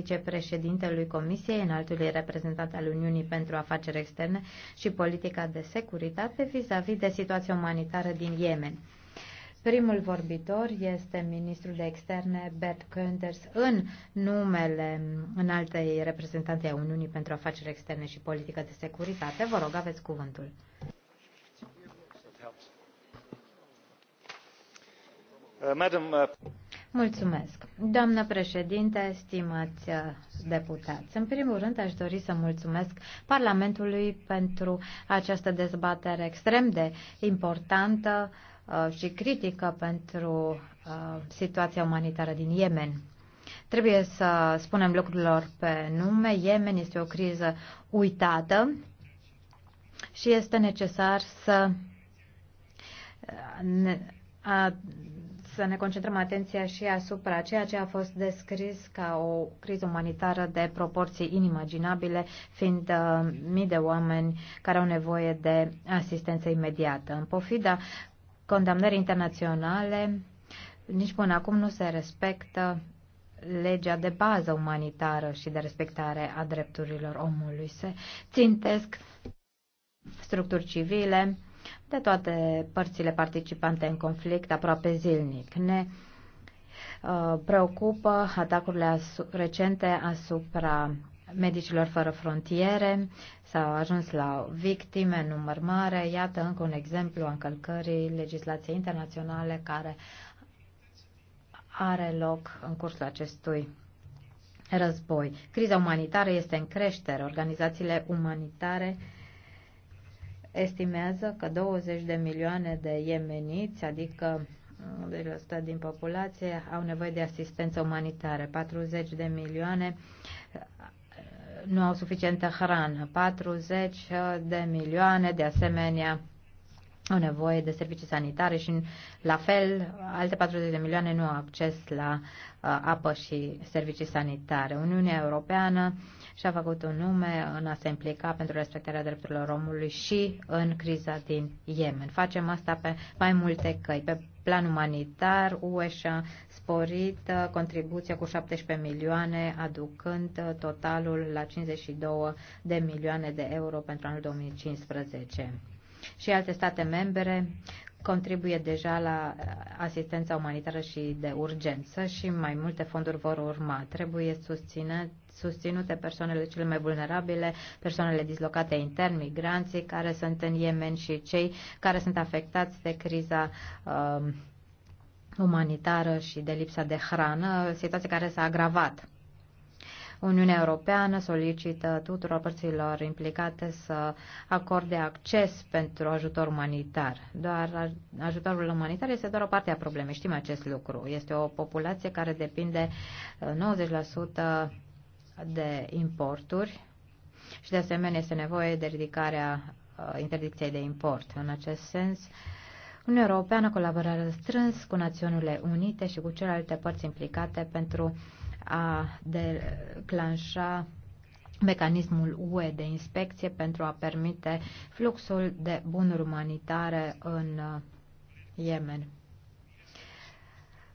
vicepreședintelui Comisiei, înaltului reprezentant al Uniunii pentru Afaceri Externe și Politica de Securitate vis-a-vis -vis de situația umanitară din Yemen. Primul vorbitor este ministrul de externe Bert Könders în numele înaltei reprezentante a Uniunii pentru Afaceri Externe și Politică de Securitate. Vă rog, aveți cuvântul. Uh, madam, uh... Mulțumesc. Doamnă președinte, stimați uh, deputați, în primul rând aș dori să mulțumesc Parlamentului pentru această dezbatere extrem de importantă uh, și critică pentru uh, situația umanitară din Yemen. Trebuie să spunem lucrurilor pe nume. Yemen este o criză uitată și este necesar să să ne concentrăm atenția și asupra ceea ce a fost descris ca o criză umanitară de proporții inimaginabile, fiind uh, mii de oameni care au nevoie de asistență imediată. În pofida condamnării internaționale, nici până acum nu se respectă legea de bază umanitară și de respectare a drepturilor omului. Se țintesc structuri civile, de toate părțile participante în conflict aproape zilnic. Ne uh, preocupă atacurile recente asupra medicilor fără frontiere, s-au ajuns la victime, număr mare. Iată încă un exemplu a încălcării legislației internaționale care are loc în cursul acestui război. Criza umanitară este în creștere. Organizațiile umanitare uh, estimează că 20 de milioane de iemeniți, adică 1% din populație, au nevoie de asistență umanitară. 40 de milioane uh, nu au suficientă hrană. 40 de milioane, de asemenea, au nevoie de servicii sanitare și, la fel, alte 40 de milioane nu au acces la uh, apă și servicii sanitare. Uniunea Europeană și-a făcut un nume în a se implica pentru respectarea drepturilor omului și în criza din Yemen. Facem asta pe mai multe căi. Pe plan umanitar, UE și-a sporit uh, contribuția cu 17 milioane, aducând uh, totalul la 52 de milioane de euro pentru anul 2015 și alte state membre contribuie deja la uh, asistența umanitară și de urgență și mai multe fonduri vor urma. Trebuie susține, susținute persoanele cele mai vulnerabile, persoanele dislocate intern, migranții care sunt în Yemen și cei care sunt afectați de criza uh, umanitară și de lipsa de hrană, situație care s-a agravat. Uniunea Europeană solicită tuturor părților implicate să acorde acces pentru ajutor umanitar. Doar ajutorul umanitar este doar o parte a problemei, știm acest lucru. Este o populație care depinde 90% uh, de importuri și de asemenea este nevoie de ridicarea uh, interdicției de import. În acest sens, Uniunea Europeană colaborează strâns cu Națiunile Unite și cu celelalte părți implicate pentru a declanșa mecanismul UE de inspecție pentru a permite fluxul de bunuri umanitare în uh, Yemen.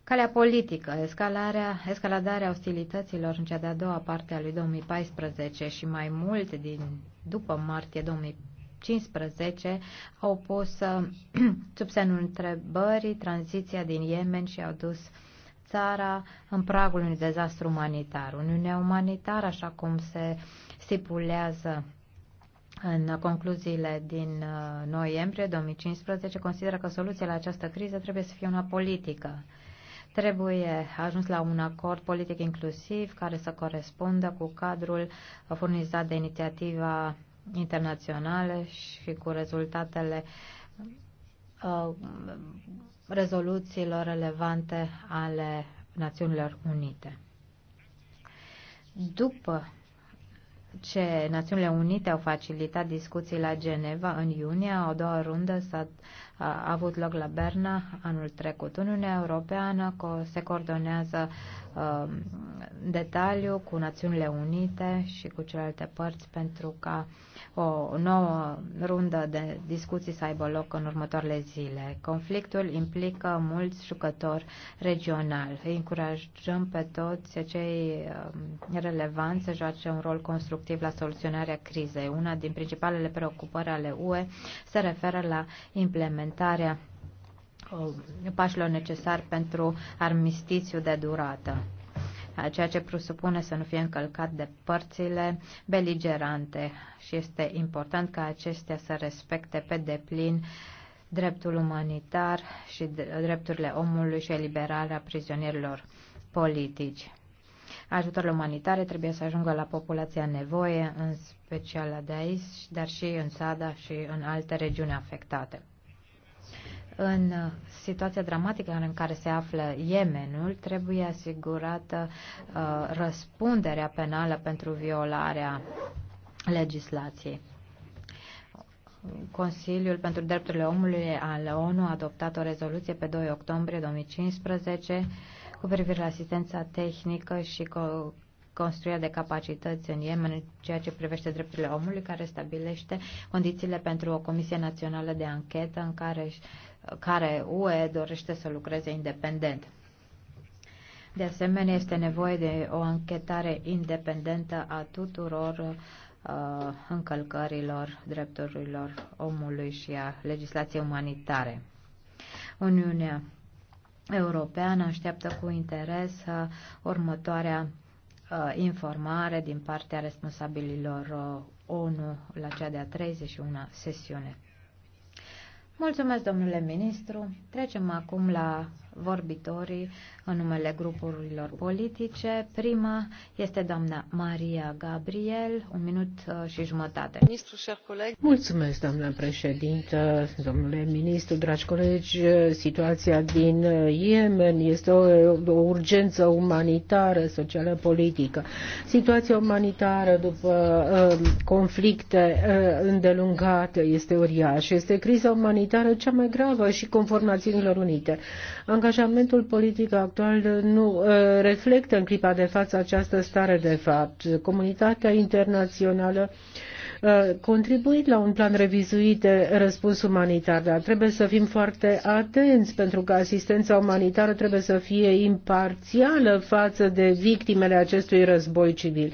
Calea politică, escalarea, escaladarea ostilităților în cea de-a doua parte a lui 2014 și mai mult din după martie 2015 au pus uh, sub semnul întrebării tranziția din Yemen și au dus țara în pragul unui dezastru umanitar. Uniunea umanitară, așa cum se stipulează în concluziile din uh, noiembrie 2015, consideră că soluția la această criză trebuie să fie una politică. Trebuie ajuns la un acord politic inclusiv care să corespundă cu cadrul furnizat de inițiativa internaționale și cu rezultatele uh, rezoluțiilor relevante ale Națiunilor Unite. După ce Națiunile Unite au facilitat discuții la Geneva în iunie, a doua rundă s-a a avut loc la Berna anul trecut. Uniunea Europeană se coordonează în um, detaliu cu Națiunile Unite și cu celelalte părți pentru ca o nouă rundă de discuții să aibă loc în următoarele zile. Conflictul implică mulți jucători regionali. Îi încurajăm pe toți cei um, relevanți să joace un rol constructiv la soluționarea crizei. Una din principalele preocupări ale UE se referă la implementarea implementarea uh, pașilor necesari pentru armistițiu de durată, ceea ce presupune să nu fie încălcat de părțile beligerante și este important ca acestea să respecte pe deplin dreptul umanitar și drepturile omului și eliberarea prizonierilor politici. Ajutorul umanitare trebuie să ajungă la populația nevoie, în special la aici, dar și în Sada și în alte regiuni afectate. În situația dramatică în care se află Yemenul, trebuie asigurată uh, răspunderea penală pentru violarea legislației. Consiliul pentru Drepturile Omului al ONU a adoptat o rezoluție pe 2 octombrie 2015 cu privire la asistența tehnică și co- construirea de capacități în Yemen în ceea ce privește drepturile omului, care stabilește condițiile pentru o comisie națională de anchetă în care care UE dorește să lucreze independent. De asemenea, este nevoie de o închetare independentă a tuturor uh, încălcărilor drepturilor omului și a legislației umanitare. Uniunea Europeană așteaptă cu interes uh, următoarea uh, informare din partea responsabililor uh, ONU la cea de-a 31-a sesiune. Mulțumesc, domnule ministru. Trecem acum la vorbitorii în numele grupurilor politice. Prima este doamna Maria Gabriel, un minut uh, și jumătate. Mulțumesc, doamna președintă, domnule ministru, dragi colegi. Situația din uh, Yemen este o, o urgență umanitară, socială, politică. Situația umanitară după uh, conflicte uh, îndelungate este uriașă. Este criza umanitară cea mai gravă și conform Națiunilor Unite. Angaj angajamentul politic actual nu uh, reflectă în clipa de față această stare de fapt. Comunitatea internațională uh, contribuit la un plan revizuit de răspuns umanitar, dar trebuie să fim foarte atenți pentru că asistența umanitară trebuie să fie imparțială față de victimele acestui război civil.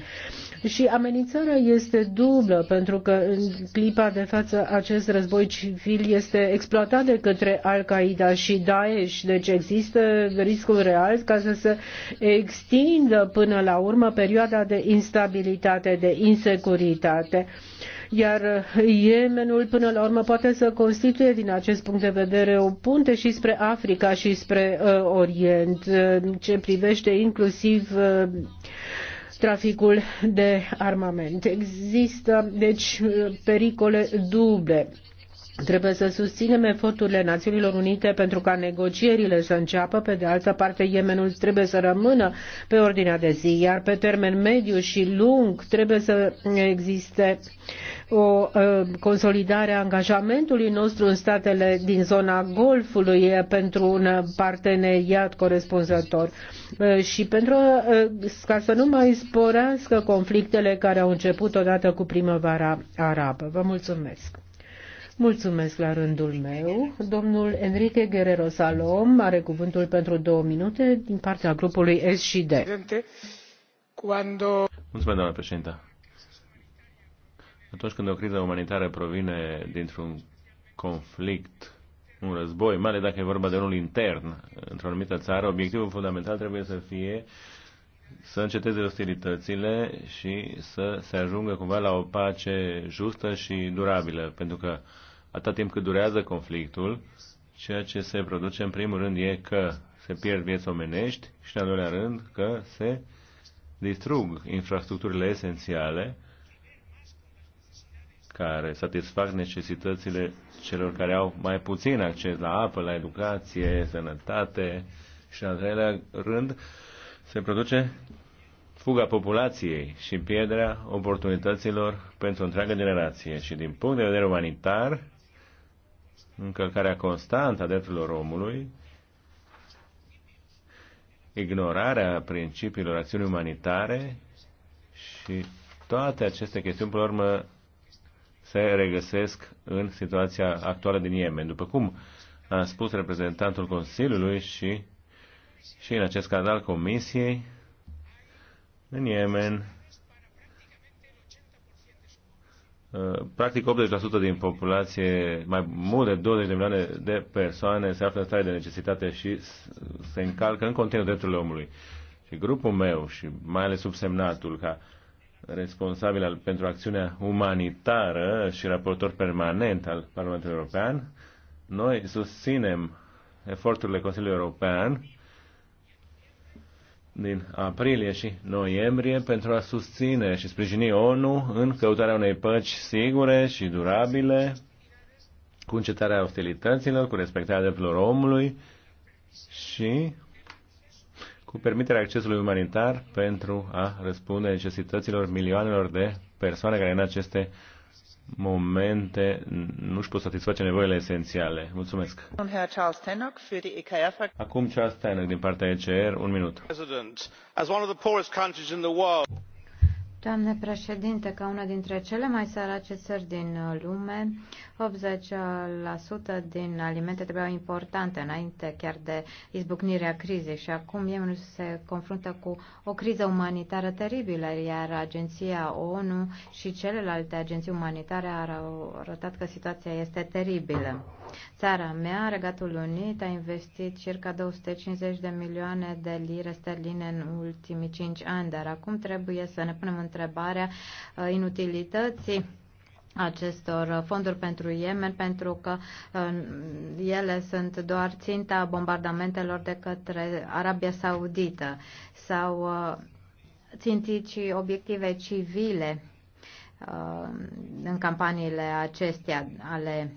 Și amenințarea este dublă, pentru că în clipa de față acest război civil este exploatat de către Al-Qaeda și Daesh, deci există riscul real ca să se extindă până la urmă perioada de instabilitate, de insecuritate iar Yemenul până la urmă poate să constituie din acest punct de vedere o punte și spre Africa și spre uh, Orient, uh, ce privește inclusiv uh, traficul de armament. Există, deci, pericole duble. Trebuie să susținem eforturile Națiunilor Unite pentru ca negocierile să înceapă. Pe de altă parte, Yemenul trebuie să rămână pe ordinea de zi, iar pe termen mediu și lung trebuie să existe o consolidare a angajamentului nostru în statele din zona Golfului pentru un parteneriat corespunzător și pentru ca să nu mai sporească conflictele care au început odată cu primăvara arabă. Vă mulțumesc! Mulțumesc la rândul meu. Domnul Enrique Guerrero Salom are cuvântul pentru două minute din partea grupului S și D. Mulțumesc, doamna președinte. Atunci când o criză umanitară provine dintr-un conflict, un război, mai ales dacă e vorba de unul intern într-o anumită țară, obiectivul fundamental trebuie să fie să înceteze ostilitățile și să se ajungă cumva la o pace justă și durabilă, pentru că atâta timp cât durează conflictul, ceea ce se produce în primul rând e că se pierd vieți omenești și în al doilea rând că se distrug infrastructurile esențiale care satisfac necesitățile celor care au mai puțin acces la apă, la educație, sănătate și, în al treilea rând, se produce fuga populației și pierderea oportunităților pentru întreagă generație. Și din punct de vedere umanitar, încălcarea constantă a drepturilor omului, ignorarea principiilor acțiunii umanitare și toate aceste chestiuni, până la urmă, se regăsesc în situația actuală din Yemen. După cum a spus reprezentantul Consiliului și, și în acest canal Comisiei, în Yemen, uh, practic 80% din populație, mai mult de 20 de milioane de persoane se află în stare de necesitate și se încalcă în continuu drepturile omului. Și grupul meu și mai ales subsemnatul ca responsabil al, pentru acțiunea umanitară și raportor permanent al Parlamentului European, noi susținem eforturile Consiliului European din aprilie și noiembrie pentru a susține și sprijini ONU în căutarea unei păci sigure și durabile, cu încetarea ostilităților, cu respectarea drepturilor omului și cu permiterea accesului umanitar pentru a răspunde necesităților milioanelor de persoane care în aceste momente nu își pot satisface nevoile esențiale. Mulțumesc. Acum Charles Tannock din partea ECR, un minut. Doamne președinte, ca una dintre cele mai sărace țări din lume, 80% din alimente trebuiau importante înainte chiar de izbucnirea crizei și acum Yemenul se confruntă cu o criză umanitară teribilă, iar agenția ONU și celelalte agenții umanitare au arătat că situația este teribilă. Țara mea, Regatul Unit, a investit circa 250 de milioane de lire sterline în ultimii 5 ani, dar acum trebuie să ne punem în întrebarea uh, inutilității acestor fonduri pentru Yemen pentru că uh, ele sunt doar ținta bombardamentelor de către Arabia Saudită sau uh, țintit și obiective civile în campaniile acestea ale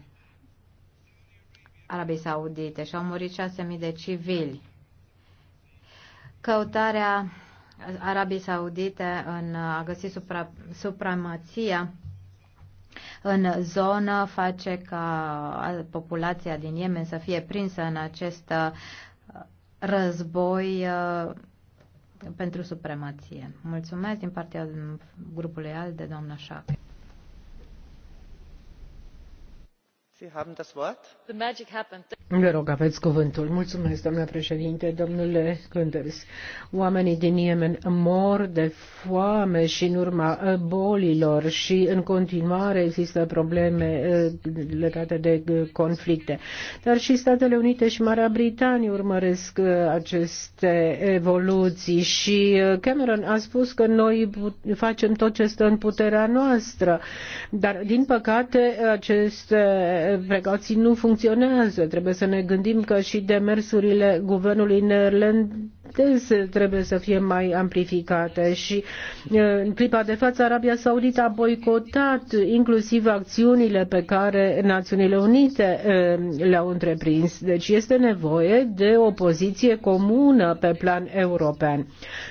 Arabiei Saudite și au murit 6.000 de civili. Căutarea Arabii Saudite în a găsi supra, supremația în zonă face ca populația din Yemen să fie prinsă în acest uh, război uh, pentru supremație. Mulțumesc din partea grupului ALDE, doamna Șapte. Vă rog, aveți cuvântul. Mulțumesc, domnule președinte, domnule Gânders. Oamenii din Yemen mor de foame și în urma uh, bolilor și în continuare există probleme uh, legate de uh, conflicte. Dar și Statele Unite și Marea Britanie urmăresc aceste evoluții și Cameron a spus că noi facem tot ce stă în puterea noastră. Dar, din păcate, aceste precauții nu funcționează. Trebuie să ne gândim că și demersurile guvernului neerlandez trebuie să fie mai amplificate și în clipa de față Arabia Saudită a boicotat inclusiv acțiunile pe care Națiunile Unite le-au întreprins. Deci este nevoie de o poziție comună pe plan european.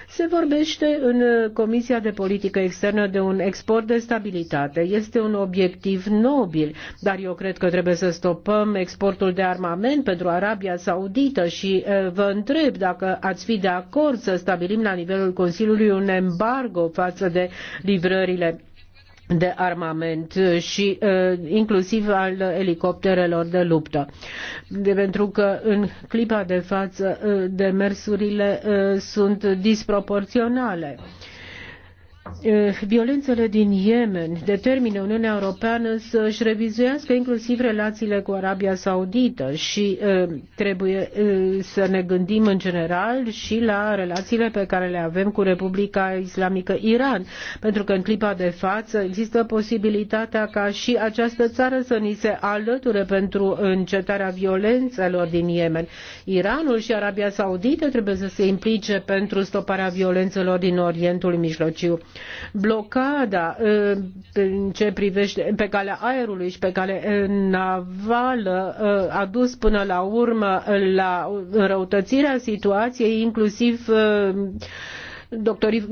Se vorbește în Comisia de Politică Externă de un export de stabilitate. Este un obiectiv nobil, dar eu cred că trebuie să stopăm exportul de armament pentru Arabia Saudită și vă întreb dacă ați veți fi de acord să stabilim la nivelul Consiliului un embargo față de livrările de armament și uh, inclusiv al elicopterelor de luptă. De, pentru că în clipa de față uh, demersurile uh, sunt disproporționale. Uh, Eh, violențele din Yemen determină Uniunea Europeană să își revizuiască inclusiv relațiile cu Arabia Saudită și eh, trebuie eh, să ne gândim în general și la relațiile pe care le avem cu Republica Islamică Iran, pentru că în clipa de față există posibilitatea ca și această țară să ni se alăture pentru încetarea violențelor din Yemen. Iranul și Arabia Saudită trebuie să se implice pentru stoparea violențelor din Orientul Mijlociu. Blocada uh, în ce privește pe calea aerului și pe calea uh, navală uh, a dus până la urmă la înrăutățirea situației, inclusiv doctorii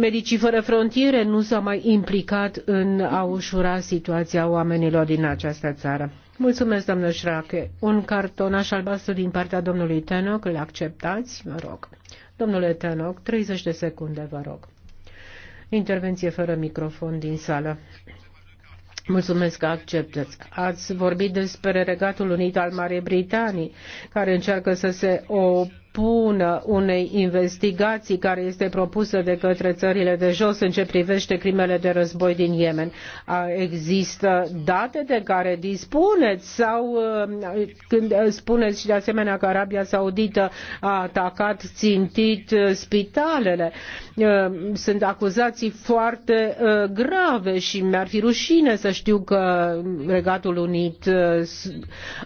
medicii fără frontiere nu s-au mai implicat în a ușura situația oamenilor din această țară. Mulțumesc, doamnă Șrache. Un cartonaș albastru din partea domnului Tenoc, îl acceptați? Vă rog. Domnule Tenoc, 30 de secunde, vă rog. Intervenție fără microfon din sală. Mulțumesc că acceptați. Ați vorbit despre Regatul Unit al Marii Britanii, care încearcă să se op- supună unei investigații care este propusă de către țările de jos în ce privește crimele de război din Yemen. Există date de care dispuneți sau ă, când ă, spuneți și de asemenea că Arabia Saudită a atacat țintit ă, spitalele. Sunt acuzații foarte grave și mi-ar fi rușine să știu că Regatul Unit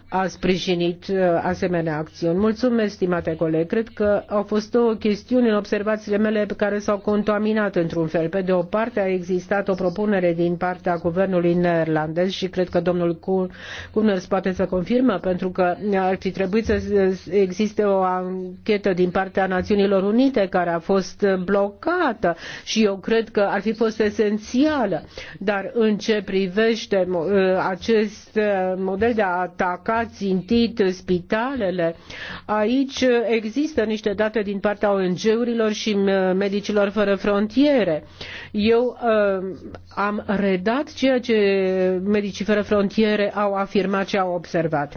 a sprijinit asemenea acțiuni. Mulțumesc, stimate colegi mele. Cred că au fost două chestiuni în observațiile mele pe care s-au contaminat într-un fel. Pe de o parte a existat o propunere din partea guvernului neerlandez și cred că domnul Cunners poate să confirmă pentru că ar fi trebuit să existe o anchetă din partea Națiunilor Unite care a fost blocată și eu cred că ar fi fost esențială. Dar în ce privește uh, acest uh, model de a ataca țintit spitalele, aici există există niște date din partea ONG-urilor și uh, Medicilor Fără Frontiere. Eu uh, am redat ceea ce Medicii Fără Frontiere au afirmat i au observat.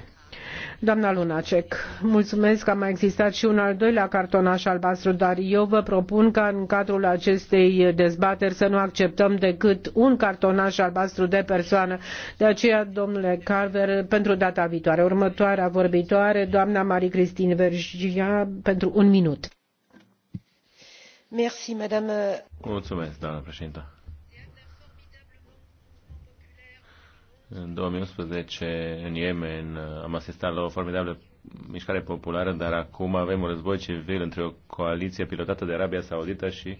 Doamna Lunacek, mulțumesc că a mai existat și un al doilea cartonaș albastru, dar eu vă propun ca în cadrul acestei dezbateri să nu acceptăm decât un cartonaș albastru de persoană. De aceea, domnule Carver, pentru data viitoare, următoarea vorbitoare, doamna Marie Christine Vergia, pentru un minut. Mulțumesc, doamnă președintă. În 2011, în Yemen, am asistat la o formidabilă mișcare populară, dar acum avem un război civil între o coaliție pilotată de Arabia Saudită și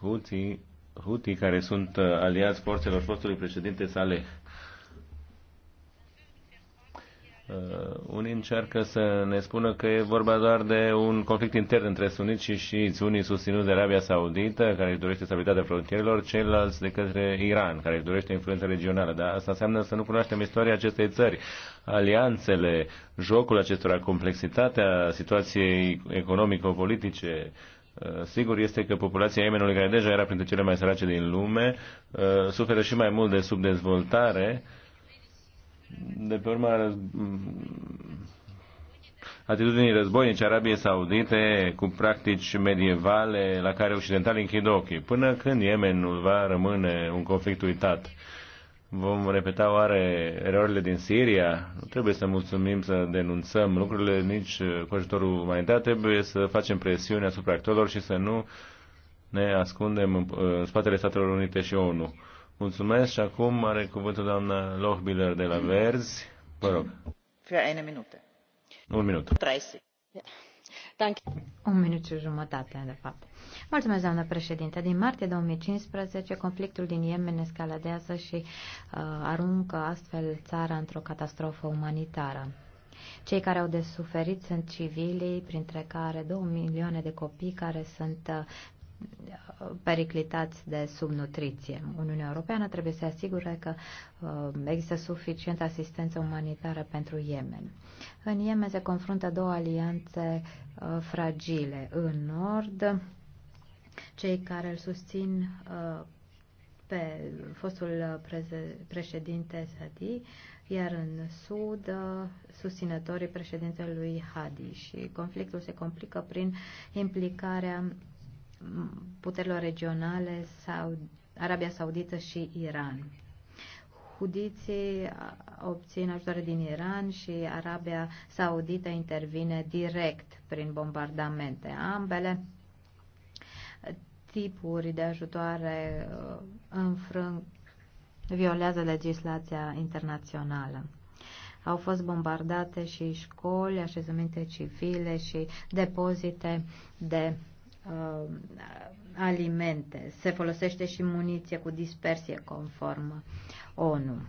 Houthi, Houthi care sunt uh, aliați forțelor fostului președinte Saleh. Uh, unii încearcă să ne spună că e vorba doar de un conflict intern între suniți și șiiți, unii susținuți de Arabia Saudită, care își dorește stabilitatea frontierelor, ceilalți de către Iran, care își dorește influență regională. Dar asta înseamnă să nu cunoaștem istoria acestei țări, alianțele, jocul acestora, complexitatea situației economico-politice, uh, Sigur este că populația Yemenului, care deja era printre cele mai sărace din lume, uh, suferă și mai mult de subdezvoltare de pe urma atitudinii războinice Arabiei Saudite cu practici medievale la care occidentalii închid ochii, până când Yemenul va rămâne un conflict uitat. Vom repeta oare erorile din Siria? Nu trebuie să mulțumim, să denunțăm lucrurile nici cu ajutorul umanitar. Trebuie să facem presiune asupra actorilor și să nu ne ascundem în spatele Statelor Unite și ONU. Mulțumesc și acum are cuvântul doamna Lohbiller de la Verzi. Vă rog. Un minut. 30. Un minut și jumătate, de fapt. Mulțumesc, doamnă președinte. Din martie 2015, conflictul din Yemen escaladează și uh, aruncă astfel țara într-o catastrofă umanitară. Cei care au de suferit sunt civilii, printre care 2 milioane de copii care sunt uh, periclitați de subnutriție. Uniunea Europeană trebuie să asigure că uh, există suficientă asistență umanitară pentru Yemen. În Yemen se confruntă două alianțe uh, fragile. În nord, cei care îl susțin uh, pe fostul președinte Sadi, iar în sud susținătorii președintelui Hadi și conflictul se complică prin implicarea puterilor regionale sau Arabia Saudită și Iran. Hudiții obțin ajutoare din Iran și Arabia Saudită intervine direct prin bombardamente. Ambele tipuri de ajutoare uh, înfrâng, violează legislația internațională. Au fost bombardate și școli, așezamente civile și depozite de uh, alimente. Se folosește și muniție cu dispersie conform ONU.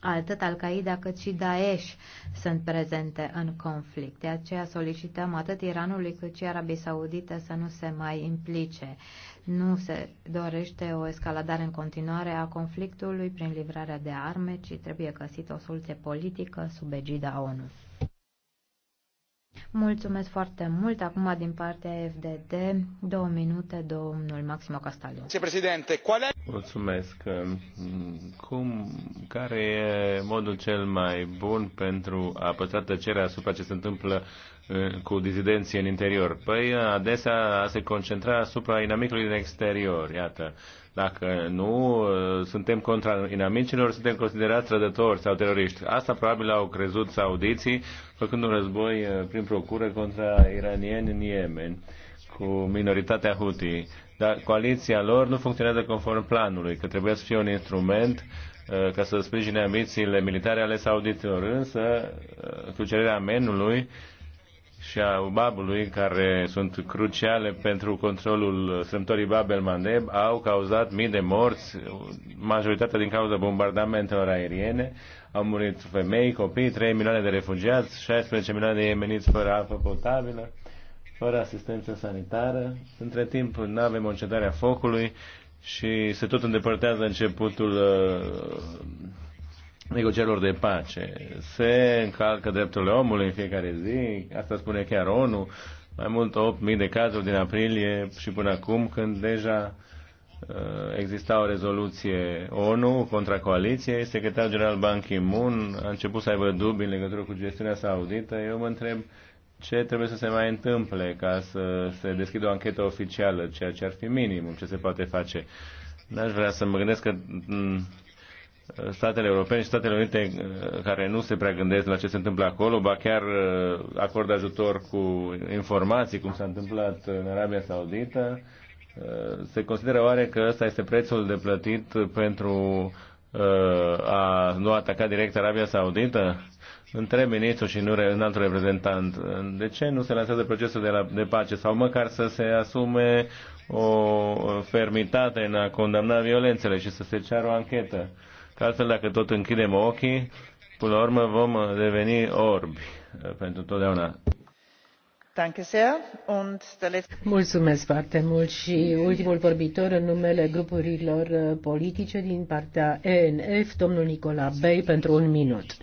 Atât Al-Qaeda cât și Daesh sunt prezente în conflict. De aceea solicităm atât Iranului cât și Arabii Saudite să nu se mai implice. Nu se dorește o escaladare în continuare a conflictului prin livrarea de arme, ci trebuie găsit o soluție politică sub egida ONU. Mulțumesc foarte mult. Acum, din partea FDD, două minute, domnul Maximo Castaldo. Mulțumesc. Cum, care e modul cel mai bun pentru a păstra tăcerea asupra ce se întâmplă eh, cu dizidenții în interior? Păi, adesea se concentra asupra inamicului din exterior, iată. Dacă nu suntem contra inamicilor, suntem considerați rădători sau teroriști. Asta probabil au crezut saudiții, făcând un război eh, prin procură contra iranieni în Yemen cu minoritatea Houthi. Dar coaliția lor nu funcționează conform planului, că trebuie să fie un instrument eh, ca să sprijine ambițiile militare ale saudiților. Însă, cu eh, cererea amenului, și a babului, care sunt cruciale pentru controlul strâmtorii Babel Mandeb, au cauzat mii de morți, majoritatea din cauza bombardamentelor aeriene. Au murit femei, copii, 3 milioane de refugiați, 16 milioane de iemeniți fără apă potabilă, fără asistență sanitară. Între timp, nu avem o a focului și se tot îndepărtează începutul uh, negocierilor de pace. Se încalcă drepturile omului în fiecare zi, asta spune chiar ONU, mai mult 8.000 de cazuri din aprilie și până acum, când deja uh, exista o rezoluție ONU contra coaliției, secretarul general Ban Ki-moon a început să aibă dubii în legătură cu gestiunea saudită. Eu mă întreb ce trebuie să se mai întâmple ca să se deschidă o anchetă oficială, ceea ce ar fi minimum ce se poate face. N-aș vrea să mă gândesc că statele europene și Statele Unite uh, care nu se prea gândesc la ce se întâmplă acolo, ba chiar uh, acordă ajutor cu informații, cum s-a întâmplat în Arabia Saudită, uh, se consideră oare că ăsta este prețul de plătit pentru a nu ataca direct Arabia Saudită? Întreb ministru și nu în altul reprezentant, de ce nu se lansează procesul de, la, de pace sau măcar să se asume o fermitate în a condamna violențele și să se ceară o anchetă? că altfel dacă tot închidem ochii, până la urmă vom deveni orbi pentru totdeauna. Mulțumesc foarte mult și ultimul vorbitor în numele grupurilor politice din partea ENF, domnul Nicola Bey, pentru un minut.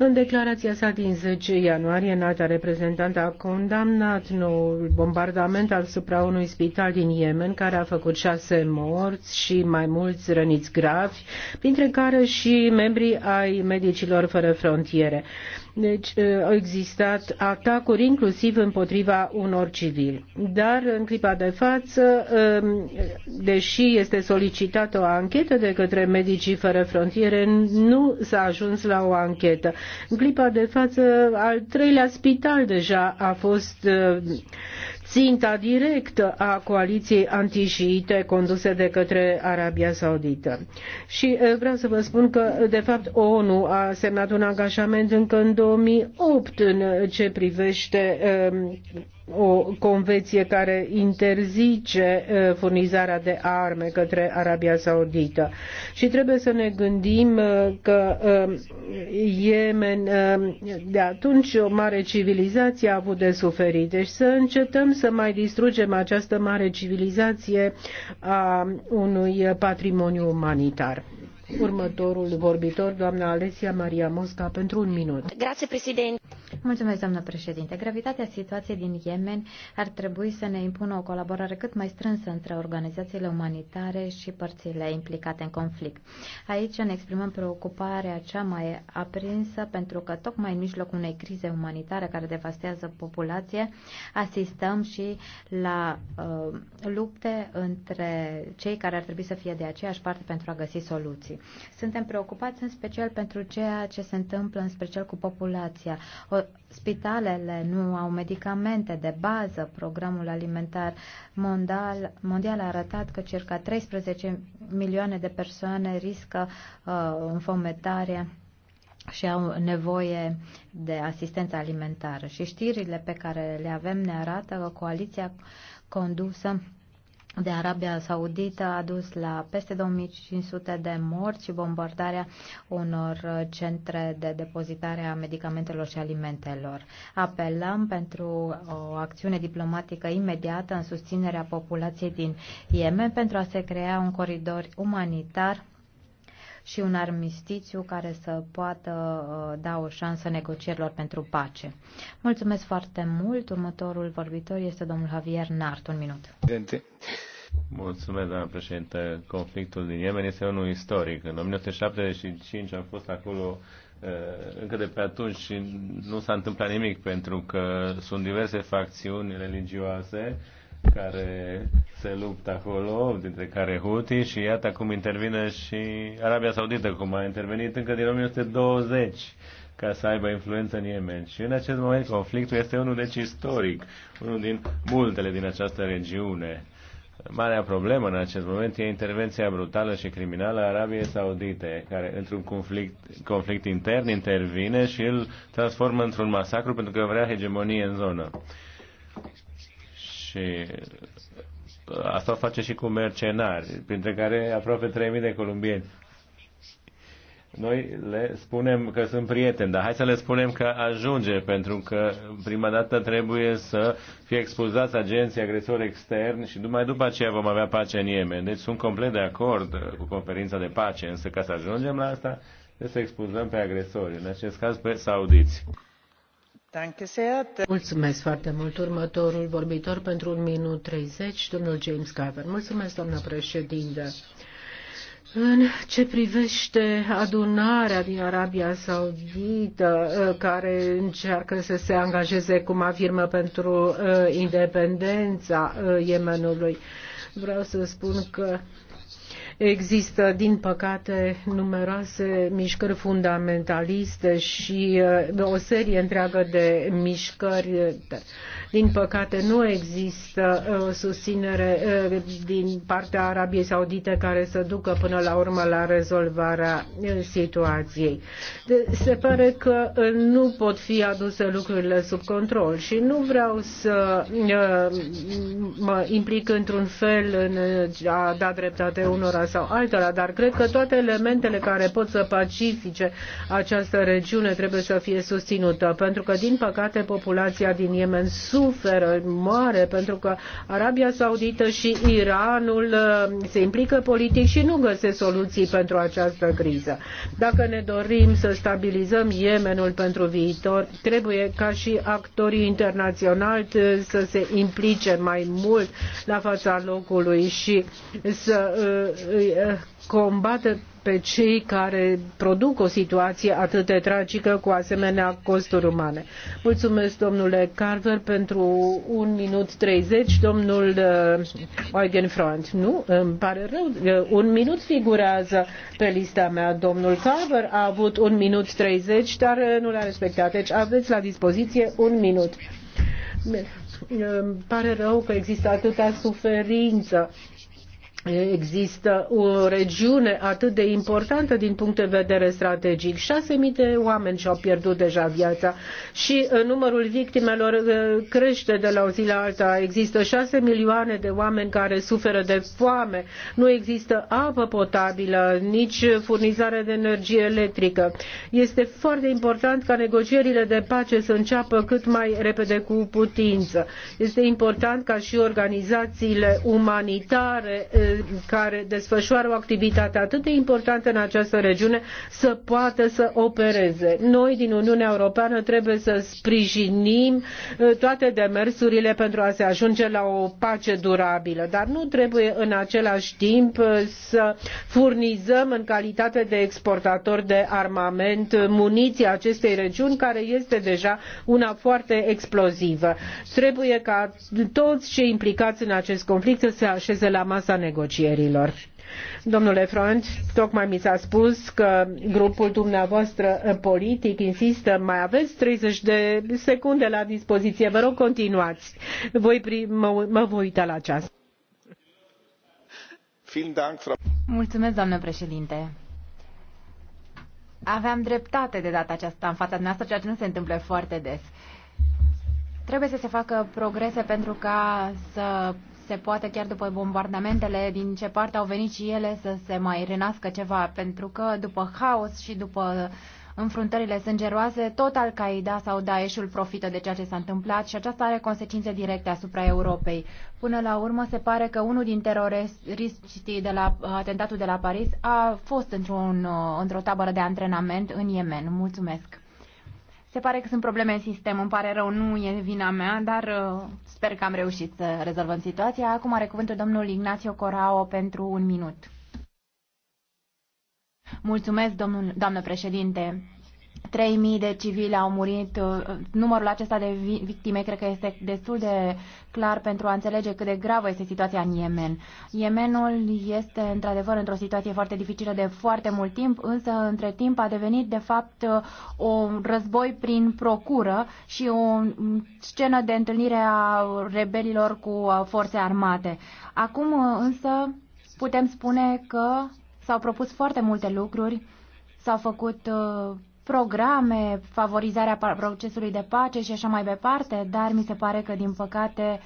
În declarația sa din 10 ianuarie, înalta reprezentantă a condamnat noul bombardament asupra unui spital din Yemen, care a făcut șase morți și mai mulți răniți gravi, printre care și membrii ai Medicilor Fără Frontiere. Deci uh, au existat atacuri inclusiv împotriva unor civili. Dar în clipa de față, um, deși este solicitată o anchetă de către Medicii Fără Frontiere, nu s-a ajuns la o anchetă. În clipa de față, al treilea spital deja a fost uh, ținta directă a coaliției antișiite conduse de către Arabia Saudită. Și uh, vreau să vă spun că, de fapt, ONU a semnat un angajament încă în 2008 în ce privește um, o convenție care interzice furnizarea de arme către Arabia Saudită. Și trebuie să ne gândim că Yemen, de atunci o mare civilizație a avut de suferit. Deci să încetăm să mai distrugem această mare civilizație a unui patrimoniu umanitar. Următorul vorbitor, doamna Alesia Maria Mosca, pentru un minut. Grație, președinte. Mulțumesc, doamnă președinte. Gravitatea situației din Yemen ar trebui să ne impună o colaborare cât mai strânsă între organizațiile umanitare și părțile implicate în conflict. Aici ne exprimăm preocuparea cea mai aprinsă pentru că tocmai în mijlocul unei crize umanitare care devastează populația, asistăm și la uh, lupte între cei care ar trebui să fie de aceeași parte pentru a găsi soluții. Suntem preocupați în special pentru ceea ce se întâmplă în special cu populația. O, spitalele nu au medicamente de bază. Programul alimentar mondial, mondial a arătat că circa 13 milioane de persoane riscă uh, înfometare și au nevoie de asistență alimentară. Și știrile pe care le avem ne arată că coaliția condusă de Arabia Saudită a dus la peste 2500 de morți și bombardarea unor centre de depozitare a medicamentelor și alimentelor. Apelăm pentru o acțiune diplomatică imediată în susținerea populației din Yemen pentru a se crea un coridor umanitar și un armistițiu care să poată uh, da o șansă negocierilor pentru pace. Mulțumesc foarte mult. Următorul vorbitor este domnul Javier Nart. Un minut. Dente. Mulțumesc, doamnă președinte. Conflictul din Yemen este unul istoric. În 1975 am fost acolo eh, încă de pe atunci și nu s-a întâmplat nimic pentru că sunt diverse facțiuni religioase care se luptă acolo, dintre care Houthi și iată acum intervine și Arabia Saudită, cum a intervenit încă din 1920 ca să aibă influență în Yemen. Și în acest moment conflictul este unul deci istoric, unul din multele din această regiune Marea problemă în acest moment e intervenția brutală și criminală a Arabiei Saudite, care într-un conflict, conflict intern intervine și îl transformă într-un masacru pentru că vrea hegemonie în zonă. Și asta o face și cu mercenari, printre care aproape 3.000 de columbieni. Noi le spunem că sunt prieteni, dar hai să le spunem că ajunge, pentru că prima dată trebuie să fie expulzați agenții agresori externi și numai după aceea vom avea pace în Iemen. Deci sunt complet de acord uh, cu conferința de pace, însă ca să ajungem la asta, trebuie să expulzăm pe agresori, în acest caz pe saudiți. Mulțumesc foarte mult. Următorul vorbitor pentru un minut 30, domnul James Carver. Mulțumesc, doamnă președinte. În ce privește adunarea din Arabia Saudită, uh, care încearcă să se angajeze cum afirmă pentru uh, independența uh, Yemenului, vreau să spun că Există, din păcate, numeroase mișcări fundamentaliste și uh, o serie întreagă de mișcări. Din păcate, nu există uh, susținere uh, din partea Arabiei Saudite care să ducă până la urmă la rezolvarea situației. Se pare că nu pot fi aduse lucrurile sub control și nu vreau să mă implic într-un fel în a da dreptate unora sau altora, dar cred că toate elementele care pot să pacifice această regiune trebuie să fie susținută, pentru că, din păcate, populația din Yemen suferă, moare, pentru că Arabia Saudită și Iranul uh, se implică politic și nu găsesc soluții pentru această criză. Dacă ne dorim să stabilizăm Yemenul pentru viitor, trebuie ca și actorii internaționali uh, să se implice mai mult la fața locului și să uh, îi eh, combată pe cei care produc o situație atât de tragică cu asemenea costuri umane. Mulțumesc, domnule Carver, pentru un minut 30, domnul eh, Eugen Freund. Nu, îmi pare rău, eh, un minut figurează pe lista mea. Domnul Carver a avut un minut 30, dar nu l-a respectat. Deci aveți la dispoziție un minut. Îmi pare rău că există atâta suferință există o regiune atât de importantă din punct de vedere strategic. 6.000 de oameni și-au pierdut deja viața și uh, numărul victimelor uh, crește de la o zi la alta. Există 6 milioane de oameni care suferă de foame. Nu există apă potabilă, nici furnizare de energie electrică. Este foarte important ca negocierile de pace să înceapă cât mai repede cu putință. Este important ca și organizațiile umanitare uh, care desfășoară o activitate atât de importantă în această regiune să poată să opereze. Noi din Uniunea Europeană trebuie să sprijinim uh, toate demersurile pentru a se ajunge la o pace durabilă, dar nu trebuie în același timp uh, să furnizăm în calitate de exportator de armament uh, muniția acestei regiuni care este deja una foarte explozivă. Trebuie ca toți cei implicați în acest conflict să se așeze la masa negocierilor negocierilor. Domnule Franț, tocmai mi s-a spus că grupul dumneavoastră politic insistă, mai aveți 30 de secunde la dispoziție, vă rog continuați. Voi prim, mă, mă voi uita la ceas. Mulțumesc, doamnă președinte. Aveam dreptate de data aceasta în fața noastră, ceea ce nu se întâmplă foarte des. Trebuie să se facă progrese pentru ca să se poate chiar după bombardamentele din ce parte au venit și ele să se mai renască ceva, pentru că după haos și după înfruntările sângeroase, tot Al-Qaeda sau Daeshul profită de ceea ce s-a întâmplat și aceasta are consecințe directe asupra Europei. Până la urmă, se pare că unul din teroriștii de la atentatul de la Paris a fost într o într-o tabără de antrenament în Yemen. Mulțumesc! Se pare că sunt probleme în sistem, îmi pare rău, nu e vina mea, dar uh, sper că am reușit să rezolvăm situația. Acum are cuvântul domnul Ignacio Corao pentru un minut. Mulțumesc, domnul, doamnă președinte. 3.000 de civili au murit. Uh, numărul acesta de victime cred că este destul de clar pentru a înțelege cât de gravă este situația în Yemen. Yemenul este într-adevăr într-o situație foarte dificilă de foarte mult timp, însă între timp a devenit de fapt un uh, război prin procură și o um, scenă de întâlnire a rebelilor cu uh, forțe armate. Acum însă putem spune că s-au propus foarte multe lucruri, s-au făcut programe, favorizarea procesului de pace și așa mai departe, dar mi se pare că, din păcate,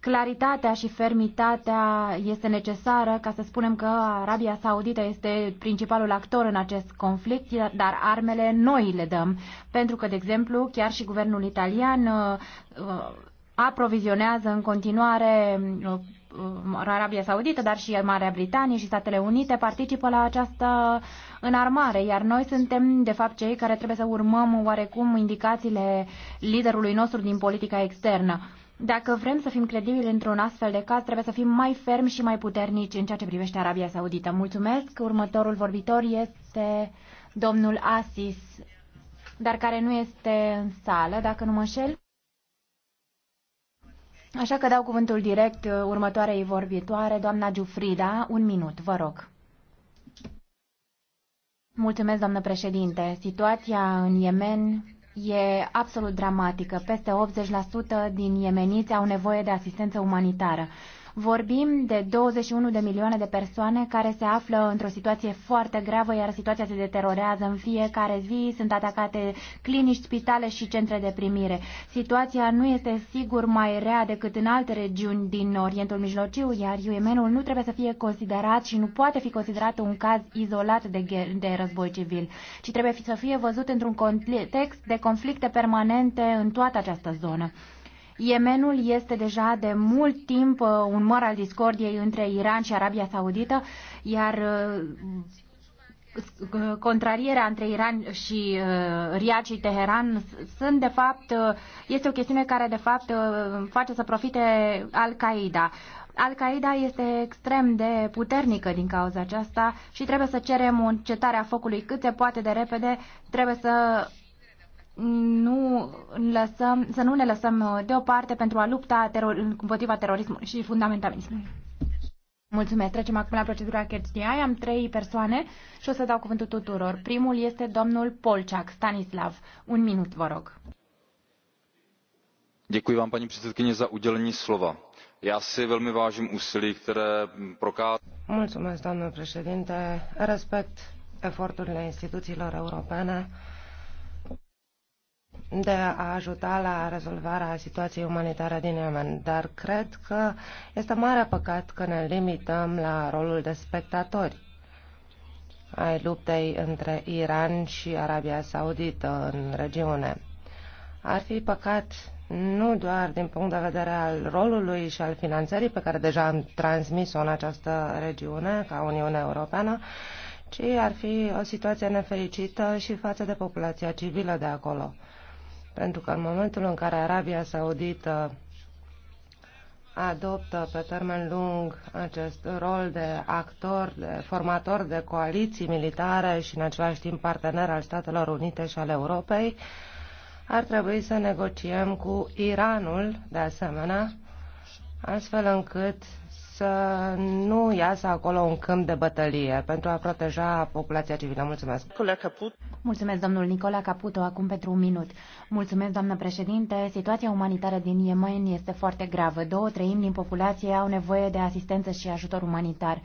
claritatea și fermitatea este necesară ca să spunem că Arabia Saudită este principalul actor în acest conflict, dar armele noi le dăm. Pentru că, de exemplu, chiar și guvernul italian uh, uh, aprovizionează în continuare uh, Uh, Arabia Saudită, dar și Marea Britanie și Statele Unite participă la această înarmare, iar noi suntem, de fapt, cei care trebuie să urmăm oarecum indicațiile liderului nostru din politica externă. Dacă vrem să fim credibili într-un astfel de caz, trebuie să fim mai fermi și mai puternici în ceea ce privește Arabia Saudită. Mulțumesc. Următorul vorbitor este domnul Asis, dar care nu este în sală, dacă nu mă înșel. Așa că dau cuvântul direct uh, următoarei vorbitoare, doamna Giufrida. Un minut, vă rog. Mulțumesc, doamnă președinte. Situația în Yemen e absolut dramatică. Peste 80% din yemeniți au nevoie de asistență umanitară. Vorbim de 21 de milioane de persoane care se află într-o situație foarte gravă, iar situația se deteriorează în fiecare zi, sunt atacate clinici, spitale și centre de primire. Situația nu este sigur mai rea decât în alte regiuni din Orientul Mijlociu, iar UMN-ul nu trebuie să fie considerat și nu poate fi considerat un caz izolat de, de război civil, ci trebuie să fie văzut într-un context de conflicte permanente în toată această zonă. Iemenul este deja de mult timp uh, un măr al discordiei între Iran și Arabia Saudită, iar uh, uh, contrarierea între Iran și Riyadh și Teheran sunt de fapt este o chestiune care de fapt face să profite Al-Qaeda. Al-Qaeda este extrem de puternică din cauza aceasta și trebuie să cerem o a focului cât se poate de repede. Trebuie să nu lăsăm, să nu ne lăsăm uh, deoparte pentru a lupta teror, împotriva terorismului și fundamentalismului. Mulțumesc. Trecem acum la procedura CHDI. Am trei persoane și o să dau cuvântul tuturor. Primul este domnul Polciac, Stanislav. Un minut, vă rog. Děkuji vám, paní předsedkyně, za udělení slova. Já si velmi vážím úsilí, které prokázal. Mulțumesc, domnule președinte. Respect eforturile instituțiilor europene de a ajuta la rezolvarea situației umanitare din Yemen, dar cred că este mare păcat că ne limităm la rolul de spectatori ai luptei între Iran și Arabia Saudită în regiune. Ar fi păcat nu doar din punct de vedere al rolului și al finanțării pe care deja am transmis-o în această regiune ca Uniunea Europeană, ci ar fi o situație nefericită și față de populația civilă de acolo pentru că în momentul în care Arabia Saudită adoptă pe termen lung acest rol de actor, de formator de coaliții militare și în același timp partener al Statelor Unite și al Europei, ar trebui să negociem cu Iranul, de asemenea, astfel încât să nu iasă acolo un câmp de bătălie pentru a proteja populația civilă. Mulțumesc! Mulțumesc, domnul Nicola Caputo, acum pentru un minut. Mulțumesc, doamnă președinte. Situația umanitară din Yemen este foarte gravă. Două treimi din populație au nevoie de asistență și ajutor umanitar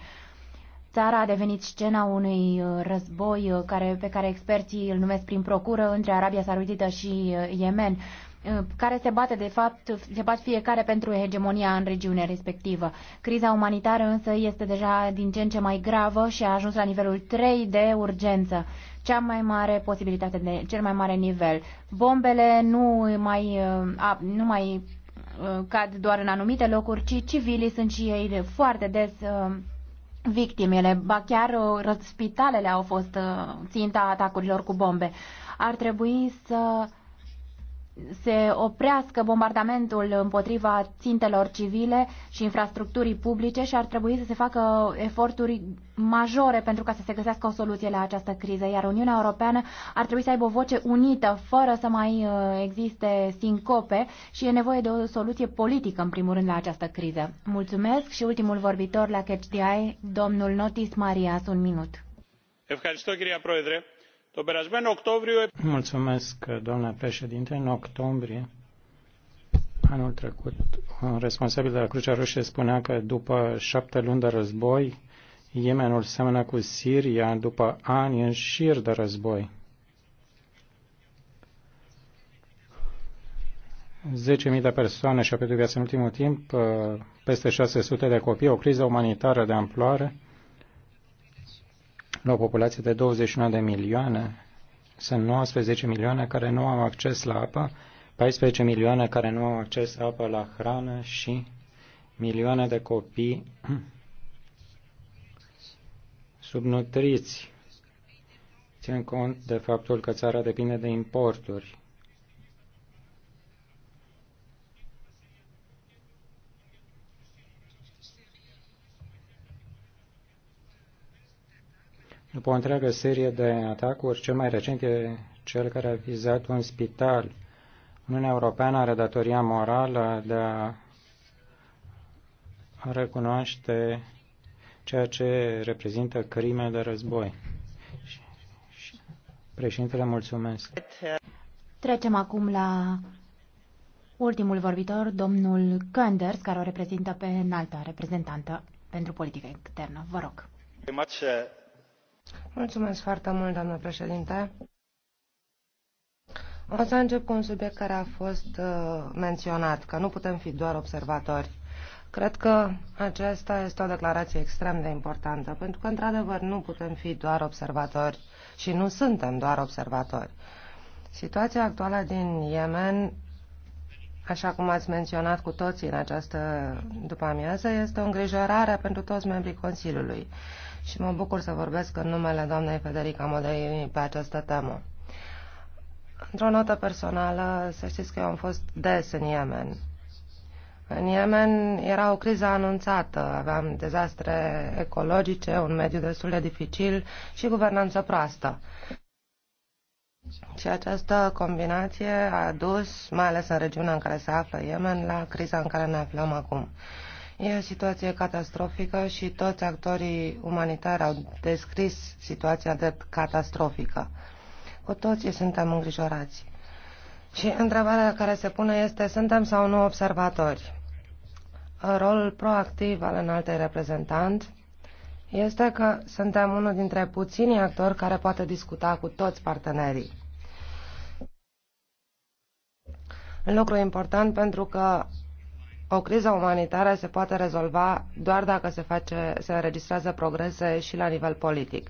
țara a devenit scena unui uh, război uh, care, pe care experții îl numesc prin procură între Arabia Saudită și uh, Yemen. Uh, care se bate de fapt, se bat fiecare pentru hegemonia în regiune respectivă. Criza umanitară însă este deja din ce în ce mai gravă și a ajuns la nivelul 3 de urgență cea mai mare posibilitate de cel mai mare nivel. Bombele nu mai, uh, a, nu mai uh, cad doar în anumite locuri, ci civilii sunt și ei foarte des victimele, ba chiar spitalele au fost ținta atacurilor cu bombe. Ar trebui să se oprească bombardamentul împotriva țintelor civile și infrastructurii publice și ar trebui să se facă eforturi majore pentru ca să se găsească o soluție la această criză, iar Uniunea Europeană ar trebui să aibă o voce unită, fără să mai uh, existe sincope și e nevoie de o soluție politică, în primul rând, la această criză. Mulțumesc și ultimul vorbitor la CHDI, domnul Notis Marias, un minut. Mulțumesc, Mulțumesc, doamna președinte. În octombrie anul trecut, un responsabil de la Crucea Roșie spunea că după șapte luni de război, Yemenul seamănă cu Siria după ani în șir de război. 10.000 de persoane și-au pierdut viața în ultimul timp, peste 600 de copii, o criză umanitară de amploare la o populație de 21 de milioane, sunt 19 milioane care nu au acces la apă, 14 milioane care nu au acces la apă la hrană și milioane de copii subnutriți, Țin cont de faptul că țara depinde de importuri. după o întreagă serie de atacuri, cel mai recent e cel care a vizat un spital. Uniunea Europeană are datoria morală de a recunoaște ceea ce reprezintă crime de război. Președintele, mulțumesc. Trecem acum la ultimul vorbitor, domnul Kanders, care o reprezintă pe înalta reprezentantă pentru politică externă. Vă rog. Mulțumesc foarte mult, doamnă președinte. O să încep cu un subiect care a fost uh, menționat, că nu putem fi doar observatori. Cred că aceasta este o declarație extrem de importantă, pentru că, într-adevăr, nu putem fi doar observatori și nu suntem doar observatori. Situația actuală din Yemen, așa cum ați menționat cu toții în această după-amiază, este o îngrijorare pentru toți membrii Consiliului și mă bucur să vorbesc în numele doamnei Federica Modăini pe această temă. Într-o notă personală, să știți că eu am fost des în Yemen. În Yemen era o criză anunțată, aveam dezastre ecologice, un mediu destul de dificil și guvernanță proastă. Și această combinație a dus, mai ales în regiunea în care se află Yemen, la criza în care ne aflăm acum. E o situație catastrofică și toți actorii umanitari au descris situația de catastrofică. Cu toții suntem îngrijorați. Și întrebarea care se pune este, suntem sau nu observatori? Rolul proactiv al înaltei reprezentant este că suntem unul dintre puținii actori care poate discuta cu toți partenerii. Lucru important pentru că o criză umanitară se poate rezolva doar dacă se, face, se înregistrează progrese și la nivel politic.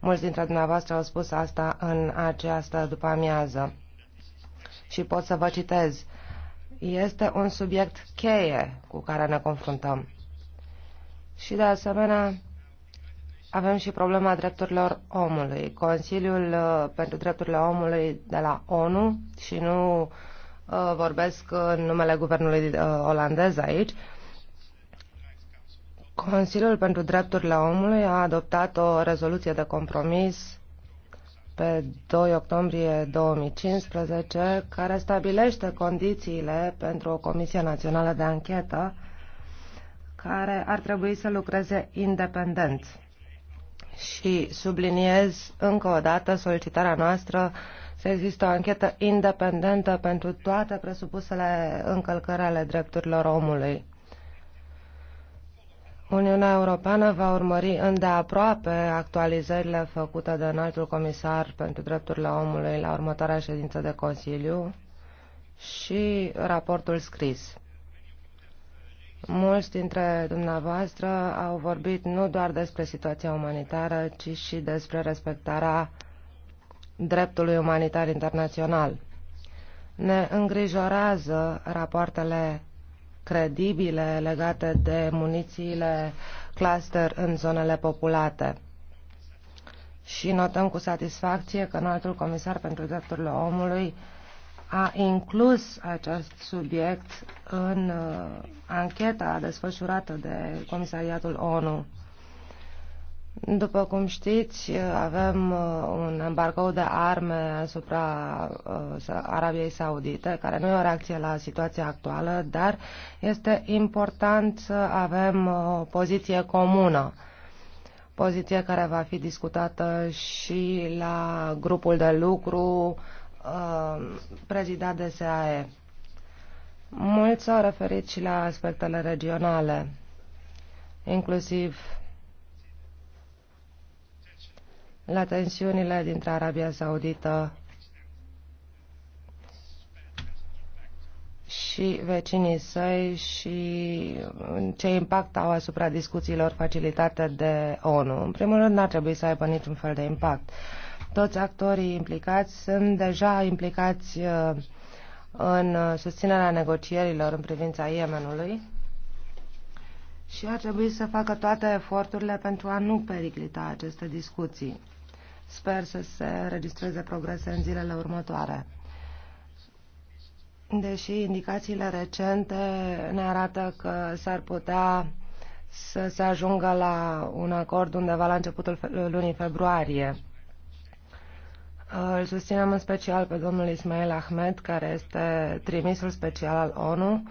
Mulți dintre dumneavoastră au spus asta în această după amiază. Și pot să vă citez. Este un subiect cheie cu care ne confruntăm. Și de asemenea, avem și problema drepturilor omului. Consiliul uh, pentru drepturile omului de la ONU și nu uh, Uh, vorbesc în numele guvernului uh, olandez aici, Consiliul pentru Drepturile Omului a adoptat o rezoluție de compromis pe 2 octombrie 2015 care stabilește condițiile pentru o Comisie Națională de Anchetă care ar trebui să lucreze independent și subliniez încă o dată solicitarea noastră să există o anchetă independentă pentru toate presupusele încălcări ale drepturilor omului. Uniunea Europeană va urmări îndeaproape actualizările făcute de înaltul comisar pentru drepturile omului la următoarea ședință de Consiliu și raportul scris. Mulți dintre dumneavoastră au vorbit nu doar despre situația umanitară, ci și despre respectarea dreptului umanitar internațional. Ne îngrijorează rapoartele credibile legate de munițiile cluster în zonele populate. Și notăm cu satisfacție că înaltul comisar pentru drepturile omului a inclus acest subiect în uh, ancheta desfășurată de Comisariatul ONU. După cum știți, avem uh, un embargo de arme asupra uh, Arabiei Saudite, care nu e o reacție la situația actuală, dar este important să avem o poziție comună poziție care va fi discutată și la grupul de lucru uh, Uh, prezidat de SAE. Mulți s-au referit și la aspectele regionale, inclusiv la tensiunile dintre Arabia Saudită și vecinii săi și uh, ce impact au asupra discuțiilor facilitate de ONU. În primul rând, n-ar trebui să aibă niciun fel de impact. Uh, toți actorii implicați sunt deja implicați uh, în uh, susținerea negocierilor în privința Yemenului și ar trebui să facă toate eforturile pentru a nu periclita aceste discuții. Sper să se registreze progrese în zilele următoare. Deși indicațiile recente ne arată că s-ar putea să se ajungă la un acord undeva la începutul lunii februarie. Îl susținem în special pe domnul Ismail Ahmed, care este trimisul special al ONU,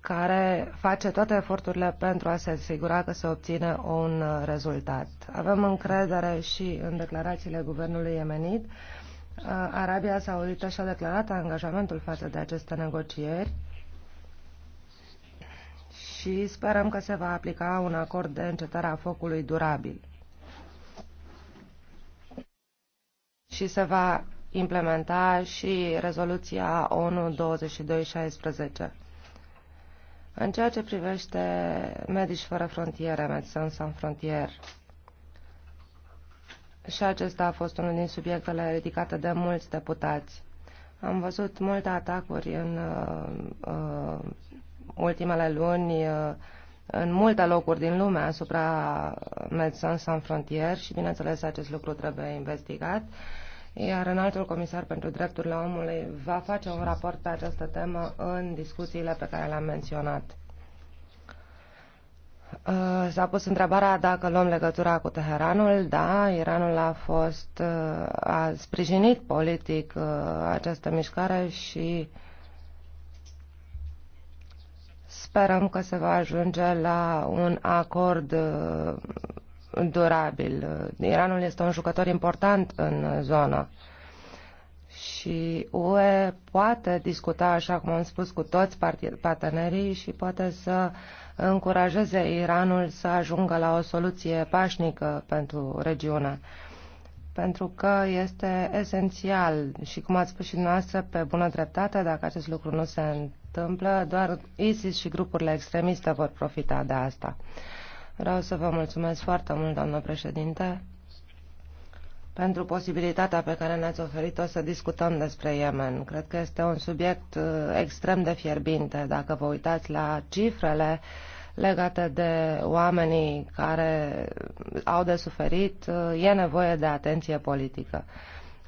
care face toate eforturile pentru a se asigura că se obține un rezultat. Avem încredere și în declarațiile guvernului iemenit. Arabia Saudită și-a declarat angajamentul față de aceste negocieri și sperăm că se va aplica un acord de încetare a focului durabil. și se va implementa și rezoluția ONU 2216. În ceea ce privește Medici Fără Frontiere, Medecins Sans Frontier, și acesta a fost unul din subiectele ridicate de mulți deputați. Am văzut multe atacuri în uh, uh, ultimele luni uh, în multe locuri din lume asupra Medecins Sans Frontier și, bineînțeles, acest lucru trebuie investigat. Uh, iar înaltul comisar pentru drepturile omului va face un raport pe această temă în discuțiile pe care le-am menționat. Uh, s-a pus întrebarea dacă luăm legătura cu Teheranul. Da, Iranul a fost, uh, a sprijinit politic uh, această mișcare și sperăm că se va ajunge la un acord durabil. Iranul este un jucător important în zonă și UE poate discuta, așa cum am spus, cu toți partenerii și poate să încurajeze Iranul să ajungă la o soluție pașnică pentru regiune. Pentru că este esențial și, cum ați spus și noastră, pe bună dreptate, dacă acest lucru nu se întâmplă, doar ISIS și grupurile extremiste vor profita de asta. Vreau să vă mulțumesc foarte mult, doamnă președinte, pentru posibilitatea pe care ne-ați oferit-o să discutăm despre Yemen. Cred că este un subiect uh, extrem de fierbinte. Dacă vă uitați la cifrele legate de oamenii care au de suferit, uh, e nevoie de atenție politică.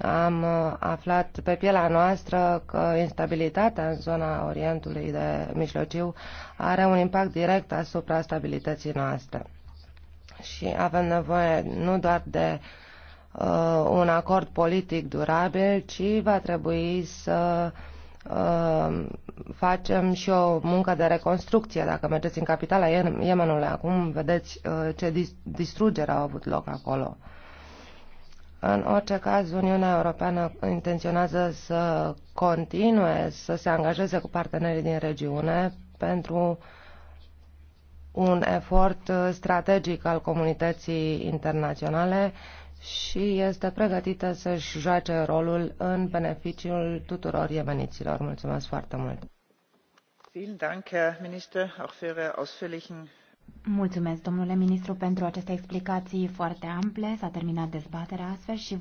Am uh, aflat pe pielea noastră că instabilitatea în zona Orientului de Mijlociu are un impact direct asupra stabilității noastre. Și avem nevoie nu doar de uh, un acord politic durabil, ci va trebui să uh, facem și o muncă de reconstrucție. Dacă mergeți în capitala Yemenului acum, vedeți uh, ce distrugere a avut loc acolo. Uh, în orice caz, Uniunea Europeană intenționează să continue să se angajeze cu partenerii din regiune pentru un efort strategic al comunității internaționale și este pregătită să-și joace rolul în beneficiul tuturor iemeniților. Mulțumesc foarte mult! Vielen Dank, Herr Minister, auch für Ihre ausführlichen Mulțumesc, domnule ministru, pentru aceste explicații foarte ample. S-a terminat dezbaterea astfel și